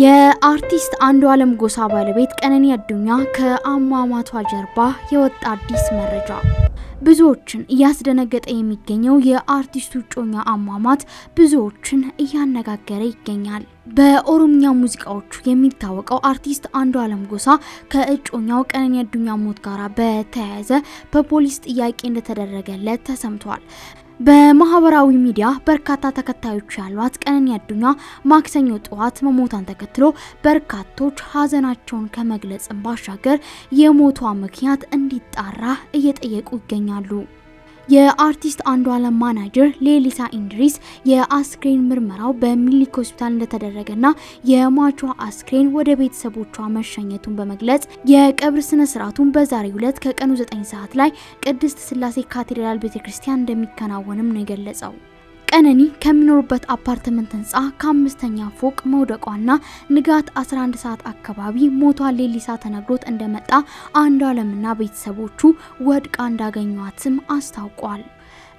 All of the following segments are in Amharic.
የአርቲስት አንዱዓለም ጎሳ ባለቤት ቀነኒ አዱኛ ከአሟሟቷ ጀርባ የወጣ አዲስ መረጃ ብዙዎችን እያስደነገጠ የሚገኘው የአርቲስቱ እጮኛ አሟሟት ብዙዎችን እያነጋገረ ይገኛል። በኦሮምኛ ሙዚቃዎቹ የሚታወቀው አርቲስት አንዱዓለም ጎሳ ከእጮኛው ቀነኒ አዱኛ ሞት ጋር በተያያዘ በፖሊስ ጥያቄ እንደተደረገለት ተሰምቷል። በማህበራዊ ሚዲያ በርካታ ተከታዮች ያሏት ቀነኒ አዱኛ ማክሰኞ ጠዋት መሞቷን ተከትሎ በርካቶች ሀዘናቸውን ከመግለጽ ባሻገር የሞቷ ምክንያት እንዲጣራ እየጠየቁ ይገኛሉ። የአርቲስት አንዷለም ማናጀር ሌሊሳ ኢንድሪስ የአስክሬን ምርመራው በሚሊክ ሆስፒታል እንደተደረገና የሟቿ አስክሬን ወደ ቤተሰቦቿ መሸኘቱን በመግለጽ የቀብር ስነ ስርዓቱን በዛሬው ዕለት ከቀኑ ዘጠኝ ሰዓት ላይ ቅድስት ስላሴ ካቴድራል ቤተክርስቲያን እንደሚከናወንም ነው የገለጸው። ቀነኒ ከሚኖሩበት አፓርትመንት ህንፃ ከአምስተኛ ፎቅ መውደቋና ንጋት 11 ሰዓት አካባቢ ሞቷ ሌሊሳ ተነግሮት እንደመጣ አንዱ አለምና ቤተሰቦቹ ወድቃ እንዳገኟትም አስታውቋል።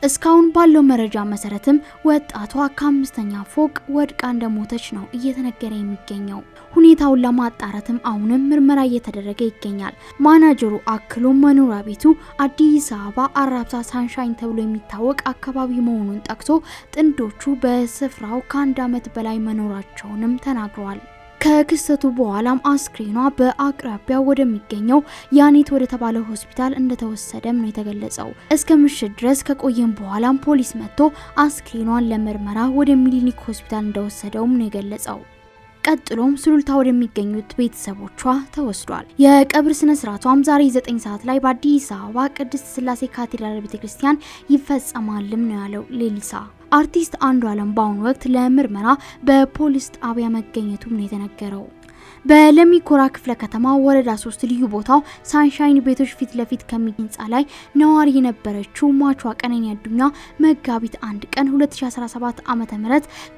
እስካሁን ባለው መረጃ መሰረትም ወጣቷ ከአምስተኛ ፎቅ ወድቃ እንደሞተች ነው እየተነገረ የሚገኘው። ሁኔታውን ለማጣራትም አሁንም ምርመራ እየተደረገ ይገኛል። ማናጀሩ አክሎ መኖሪያ ቤቱ አዲስ አበባ አራብሳ ሳንሻይን ተብሎ የሚታወቅ አካባቢ መሆኑን ጠቅሶ ጥንዶቹ በስፍራው ከአንድ ዓመት በላይ መኖራቸውንም ተናግረዋል። ከክስተቱ በኋላም አስክሬኗ በአቅራቢያ ወደሚገኘው ያኔት ወደ ተባለው ሆስፒታል እንደተወሰደም ነው የተገለጸው። እስከ ምሽት ድረስ ከቆየም በኋላም ፖሊስ መጥቶ አስክሬኗን ለምርመራ ወደ ሚሊኒክ ሆስፒታል እንደወሰደውም ነው የገለጸው። ቀጥሎም ሱሉልታ ወደሚገኙት ቤተሰቦቿ ተወስዷል። የቀብር ስነ ስርዓቷም ዛሬ 9 ሰዓት ላይ በአዲስ አበባ ቅድስት ስላሴ ካቴድራል ቤተክርስቲያን ይፈጸማልም ነው ያለው ሌሊሳ አርቲስት አለም በአሁኑ ወቅት ለምርመራ በፖሊስ ጣቢያ መገኘቱም ነው የተነገረው። በለሚኮራ ክፍለ ከተማ ወረዳ ሶስት ልዩ ቦታው ሳንሻይን ቤቶች ፊት ለፊት ከሚገኝ ህንፃ ላይ ነዋሪ የነበረችው ሟቿ ቀነኒ አዱኛ መጋቢት አንድ ቀን 2017 ዓ.ም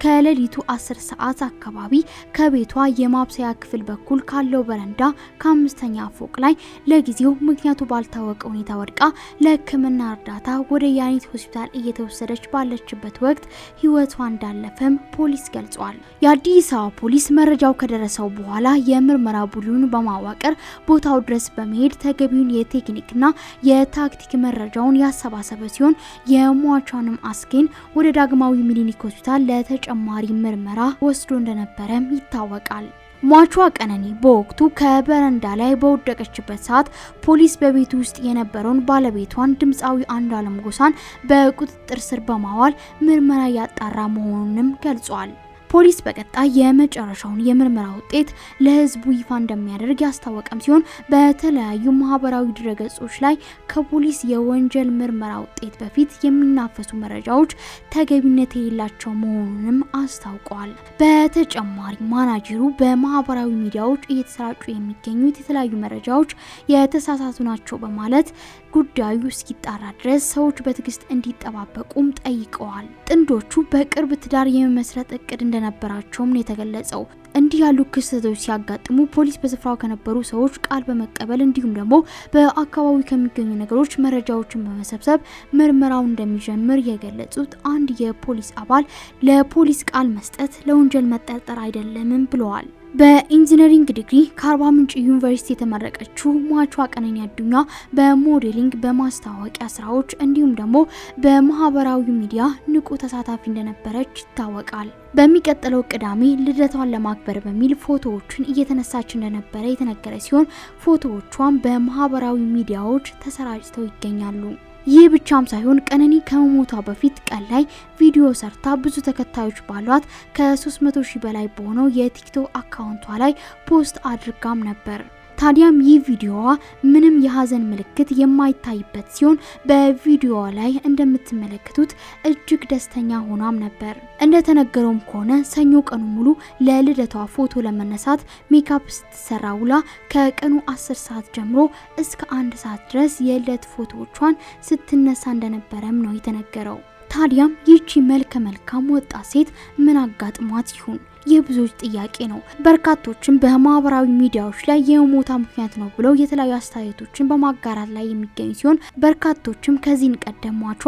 ከሌሊቱ 10 ሰዓት አካባቢ ከቤቷ የማብሰያ ክፍል በኩል ካለው በረንዳ ከአምስተኛ ፎቅ ላይ ለጊዜው ምክንያቱ ባልታወቀ ሁኔታ ወድቃ ለሕክምና እርዳታ ወደ ያኔት ሆስፒታል እየተወሰደች ባለችበት ወቅት ህይወቷ እንዳለፈም ፖሊስ ገልጿል። የአዲስ አበባ ፖሊስ መረጃው ከደረሰው በኋላ የምርመራ ቡድኑን በማዋቀር ቦታው ድረስ በመሄድ ተገቢውን የቴክኒክና የታክቲክ መረጃውን ያሰባሰበ ሲሆን የሟቿንም አስክሬን ወደ ዳግማዊ ምኒልክ ሆስፒታል ለተጨማሪ ምርመራ ወስዶ እንደነበረም ይታወቃል። ሟቿ ቀነኒ በወቅቱ ከበረንዳ ላይ በወደቀችበት ሰዓት ፖሊስ በቤት ውስጥ የነበረውን ባለቤቷን ድምፃዊ አንዱዓለም ጎሳን በቁጥጥር ስር በማዋል ምርመራ ያጣራ መሆኑንም ገልጿል። ፖሊስ በቀጣይ የመጨረሻውን የምርመራ ውጤት ለህዝቡ ይፋ እንደሚያደርግ ያስታወቀም ሲሆን በተለያዩ ማህበራዊ ድረገጾች ላይ ከፖሊስ የወንጀል ምርመራ ውጤት በፊት የሚናፈሱ መረጃዎች ተገቢነት የሌላቸው መሆኑንም አስታውቀዋል። በተጨማሪ ማናጀሩ በማህበራዊ ሚዲያዎች እየተሰራጩ የሚገኙት የተለያዩ መረጃዎች የተሳሳቱ ናቸው በማለት ጉዳዩ እስኪጣራ ድረስ ሰዎች በትዕግስት እንዲጠባበቁም ጠይቀዋል። ጥንዶቹ በቅርብ ትዳር የመመስረት እቅድ እንደ እንደነበራቸውም ነው የተገለጸው። እንዲህ ያሉ ክስተቶች ሲያጋጥሙ ፖሊስ በስፍራው ከነበሩ ሰዎች ቃል በመቀበል እንዲሁም ደግሞ በአካባቢ ከሚገኙ ነገሮች መረጃዎችን በመሰብሰብ ምርመራው እንደሚጀምር የገለጹት አንድ የፖሊስ አባል ለፖሊስ ቃል መስጠት ለወንጀል መጠርጠር አይደለምም ብለዋል። በኢንጂነሪንግ ዲግሪ ከአርባ ምንጭ ዩኒቨርሲቲ የተመረቀችው ሟቿ ቀነኒ አዱኛ በሞዴሊንግ በማስታወቂያ ስራዎች እንዲሁም ደግሞ በማህበራዊ ሚዲያ ንቁ ተሳታፊ እንደነበረች ይታወቃል። በሚቀጥለው ቅዳሜ ልደቷን ለማክበር በሚል ፎቶዎችን እየተነሳች እንደነበረ የተነገረ ሲሆን ፎቶዎቿም በማህበራዊ ሚዲያዎች ተሰራጭተው ይገኛሉ። ይህ ብቻም ሳይሆን ቀነኒ ከመሞቷ በፊት ቀን ላይ ቪዲዮ ሰርታ ብዙ ተከታዮች ባሏት ከ300 ሺህ በላይ በሆነው የቲክቶክ አካውንቷ ላይ ፖስት አድርጋም ነበር። ታዲያም ይህ ቪዲዮዋ ምንም የሀዘን ምልክት የማይታይበት ሲሆን በቪዲዮዋ ላይ እንደምትመለከቱት እጅግ ደስተኛ ሆኗም ነበር። እንደተነገረውም ከሆነ ሰኞ ቀኑ ሙሉ ለልደቷ ፎቶ ለመነሳት ሜካፕ ስትሰራ ውላ ከቀኑ 10 ሰዓት ጀምሮ እስከ አንድ ሰዓት ድረስ የልደት ፎቶዎቿን ስትነሳ እንደነበረም ነው የተነገረው። ታዲያም ይቺ መልከ መልካም ወጣት ሴት ምን አጋጥሟት ይሁን? የብዙዎች ጥያቄ ነው። በርካቶችም በማህበራዊ ሚዲያዎች ላይ የሞታ ምክንያት ነው ብለው የተለያዩ አስተያየቶችን በማጋራት ላይ የሚገኝ ሲሆን በርካቶችም ከዚህን ቀደም ሟቿ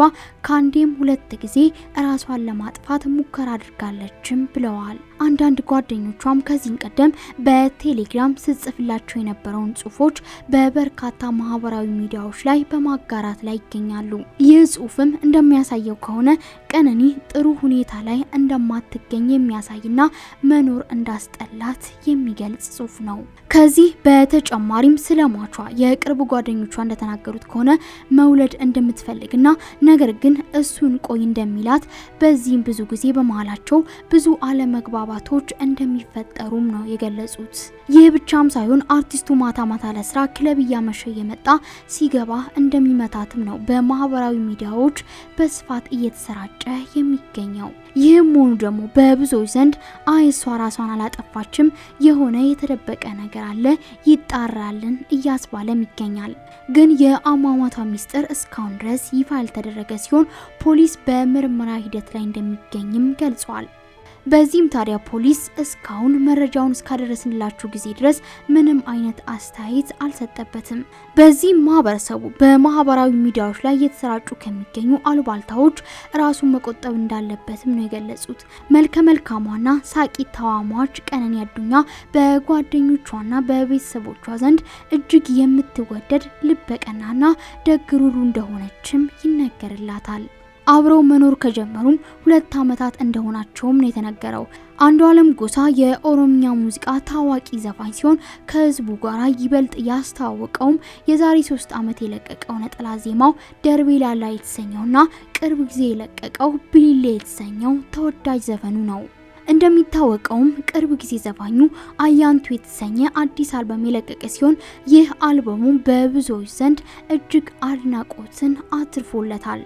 ከአንዴም ሁለት ጊዜ ራሷን ለማጥፋት ሙከራ አድርጋለችም ብለዋል። አንዳንድ ጓደኞቿም ከዚህ ቀደም በቴሌግራም ስጽፍላቸው የነበረውን ጽሁፎች በበርካታ ማህበራዊ ሚዲያዎች ላይ በማጋራት ላይ ይገኛሉ። ይህ ጽሁፍም እንደሚያሳየው ከሆነ ቀነኒ ጥሩ ሁኔታ ላይ እንደማትገኝ የሚያሳይና መኖር እንዳስጠላት የሚገልጽ ጽሁፍ ነው። ከዚህ በተጨማሪም ስለማቿ የቅርብ ጓደኞቿ እንደተናገሩት ከሆነ መውለድ እንደምትፈልግና ነገር ግን እሱን ቆይ እንደሚላት በዚህም ብዙ ጊዜ በመሀላቸው ብዙ አለመግባ አለመግባባቶች እንደሚፈጠሩም ነው የገለጹት። ይህ ብቻም ሳይሆን አርቲስቱ ማታ ማታ ለስራ ክለብ እያመሸ እየመጣ ሲገባ እንደሚመታትም ነው በማህበራዊ ሚዲያዎች በስፋት እየተሰራጨ የሚገኘው። ይህም ሆኑ ደግሞ በብዙዎች ዘንድ አይ እሷ ራሷን አላጠፋችም፣ የሆነ የተደበቀ ነገር አለ፣ ይጣራልን እያስባለም ይገኛል። ግን የአሟሟቷ ሚስጥር እስካሁን ድረስ ይፋ ያልተደረገ ሲሆን ፖሊስ በምርመራ ሂደት ላይ እንደሚገኝም ገልጿል። በዚህም ታዲያ ፖሊስ እስካሁን መረጃውን እስካደረስንላችሁ ጊዜ ድረስ ምንም አይነት አስተያየት አልሰጠበትም። በዚህም ማህበረሰቡ በማህበራዊ ሚዲያዎች ላይ እየተሰራጩ ከሚገኙ አሉባልታዎች ራሱን መቆጠብ እንዳለበትም ነው የገለጹት። መልከ መልካሟና ሳቂታዋ ሟች ቀነኒ አዱኛ በጓደኞቿና በቤተሰቦቿ ዘንድ እጅግ የምትወደድ ልበቀናና ደግሩሩ እንደሆነችም ይነገርላታል። አብረው መኖር ከጀመሩም ሁለት ዓመታት እንደሆናቸውም ነው የተነገረው። አንዱ አለም ጎሳ የኦሮምኛ ሙዚቃ ታዋቂ ዘፋኝ ሲሆን ከህዝቡ ጋር ይበልጥ ያስተዋወቀውም የዛሬ ሶስት ዓመት የለቀቀው ነጠላ ዜማው ደርቤ ላላ የተሰኘውና ቅርብ ጊዜ የለቀቀው ብሊሌ የተሰኘው ተወዳጅ ዘፈኑ ነው። እንደሚታወቀውም ቅርብ ጊዜ ዘፋኙ አያንቱ የተሰኘ አዲስ አልበም የለቀቀ ሲሆን ይህ አልበሙ በብዙዎች ዘንድ እጅግ አድናቆትን አትርፎለታል።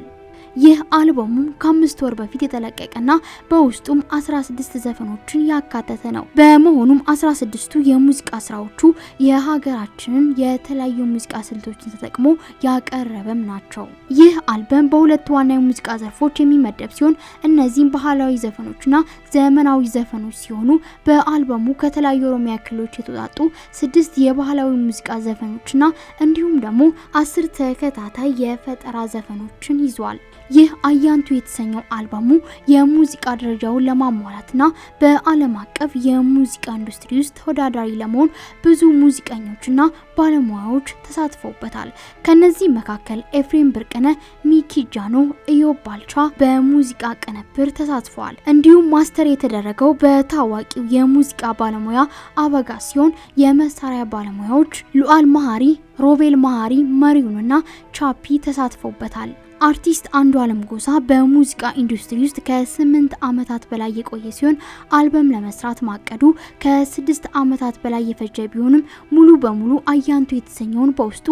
ይህ አልበሙም ከአምስት ወር በፊት የተለቀቀና በውስጡም 16 ዘፈኖችን ያካተተ ነው። በመሆኑም 16ቱ የሙዚቃ ስራዎቹ የሀገራችንን የተለያዩ ሙዚቃ ስልቶችን ተጠቅሞ ያቀረበም ናቸው። ይህ አልበም በሁለት ዋና የሙዚቃ ዘርፎች የሚመደብ ሲሆን እነዚህም ባህላዊ ዘፈኖችና ዘመናዊ ዘፈኖች ሲሆኑ በአልበሙ ከተለያዩ ኦሮሚያ ክልሎች የተውጣጡ ስድስት የባህላዊ ሙዚቃ ዘፈኖችና እንዲሁም ደግሞ አስር ተከታታይ የፈጠራ ዘፈኖችን ይዟል። ይህ አያንቱ የተሰኘው አልበሙ የሙዚቃ ደረጃውን ለማሟላትና በዓለም አቀፍ የሙዚቃ ኢንዱስትሪ ውስጥ ተወዳዳሪ ለመሆን ብዙ ሙዚቀኞችና ባለሙያዎች ተሳትፈውበታል። ከነዚህ መካከል ኤፍሬም ብርቅነ፣ ሚኪ ጃኖ፣ ኢዮብ ባልቻ በሙዚቃ ቅንብር ተሳትፈዋል። እንዲሁም ማስተር የተደረገው በታዋቂው የሙዚቃ ባለሙያ አበጋ ሲሆን የመሳሪያ ባለሙያዎች ሉአል መሀሪ፣ ሮቤል መሀሪ፣ መሪውንና ቻፒ ተሳትፈውበታል። አርቲስት አለም ጎሳ በሙዚቃ ኢንዱስትሪ ውስጥ ከስምንት ዓመታት በላይ የቆየ ሲሆን አልበም ለመስራት ማቀዱ ከስድስት ዓመታት በላይ የፈጀ ቢሆንም ሙሉ በሙሉ አያንቱ የተሰኘውን በውስጡ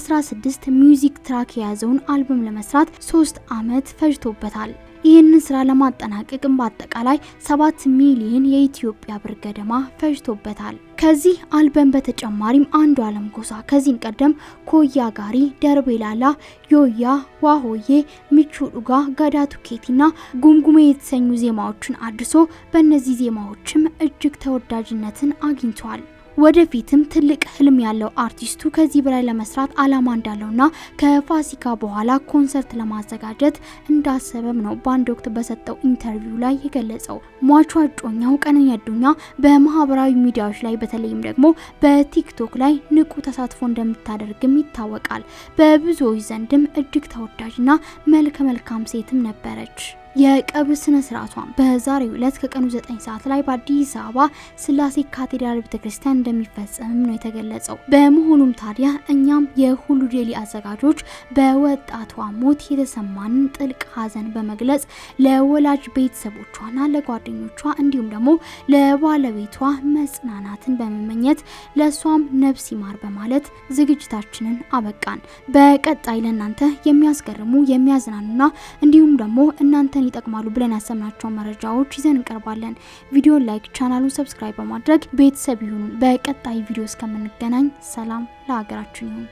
16 ሚውዚክ ትራክ የያዘውን አልበም ለመስራት ሶስት ዓመት ፈጅቶበታል። ይህንን ስራ ለማጠናቀቅም በአጠቃላይ ሰባት ሚሊዮን የኢትዮጵያ ብር ገደማ ፈጅቶበታል። ከዚህ አልበም በተጨማሪም አለም ጎሳ ከዚህም ቀደም ኮያ ጋሪ፣ ደርቤ ላላ፣ ዮያ፣ ዋሆ ሆዬ፣ ምቹ ዱጋ፣ ጋዳ ቱኬቲና ጉምጉሜ የተሰኙ ዜማዎችን አድሶ በእነዚህ ዜማዎችም እጅግ ተወዳጅነትን አግኝቷል። ወደፊትም ትልቅ ህልም ያለው አርቲስቱ ከዚህ በላይ ለመስራት አላማ እንዳለውና ከፋሲካ በኋላ ኮንሰርት ለማዘጋጀት እንዳሰበም ነው በአንድ ወቅት በሰጠው ኢንተርቪው ላይ የገለጸው። ሟቿ እጮኛው ቀነኒ አዱኛ በማህበራዊ ሚዲያዎች ላይ በተለይም ደግሞ በቲክቶክ ላይ ንቁ ተሳትፎ እንደምታደርግም ይታወቃል። በብዙዎች ዘንድም እጅግ ተወዳጅና መልከ መልካም ሴትም ነበረች። የቀብር ስነ ስርዓቷም በዛሬው ዕለት ከቀኑ 9 ሰዓት ላይ በአዲስ አበባ ስላሴ ካቴድራል ቤተክርስቲያን እንደሚፈጸምም ነው የተገለጸው። በመሆኑም ታዲያ እኛም የሁሉ ዴይሊ አዘጋጆች በወጣቷ ሞት የተሰማንን ጥልቅ ሐዘን በመግለጽ ለወላጅ ቤተሰቦቿና ለጓደኞቿ እንዲሁም ደግሞ ለባለቤቷ መጽናናትን በመመኘት ለእሷም ነፍስ ይማር በማለት ዝግጅታችንን አበቃን። በቀጣይ ለእናንተ የሚያስገርሙ የሚያዝናኑና እንዲሁም ደግሞ እናንተን ለምን ይጠቅማሉ ብለን ያሰብናቸውን መረጃዎች ይዘን እንቀርባለን። ቪዲዮ ላይክ፣ ቻናሉን ሰብስክራይብ በማድረግ ቤተሰብ ይሁኑን። በቀጣይ ቪዲዮ እስከምንገናኝ ሰላም ለሀገራችን ይሁን።